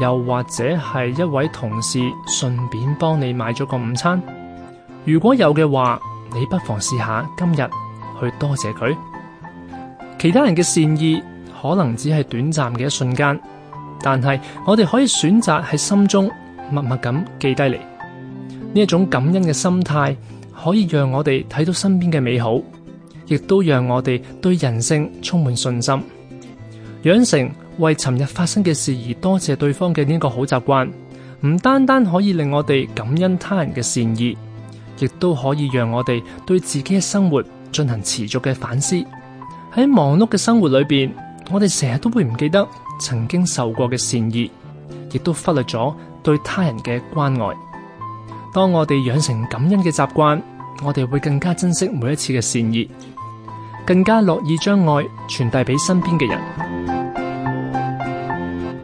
又或者係一位同事順便幫你買咗個午餐，如果有嘅話，你不妨試下今日去多謝佢。其他人嘅善意可能只係短暫嘅一瞬間，但係我哋可以選擇喺心中默默咁記低嚟。呢一種感恩嘅心態，可以讓我哋睇到身邊嘅美好，亦都讓我哋對人性充滿信心。養成。為尋日發生嘅事而多謝對方嘅呢個好習慣，唔單單可以令我哋感恩他人嘅善意，亦都可以讓我哋對自己嘅生活進行持續嘅反思。喺忙碌嘅生活裏邊，我哋成日都會唔記得曾經受過嘅善意，亦都忽略咗對他人嘅關愛。當我哋養成感恩嘅習慣，我哋會更加珍惜每一次嘅善意，更加樂意將愛傳遞俾身邊嘅人。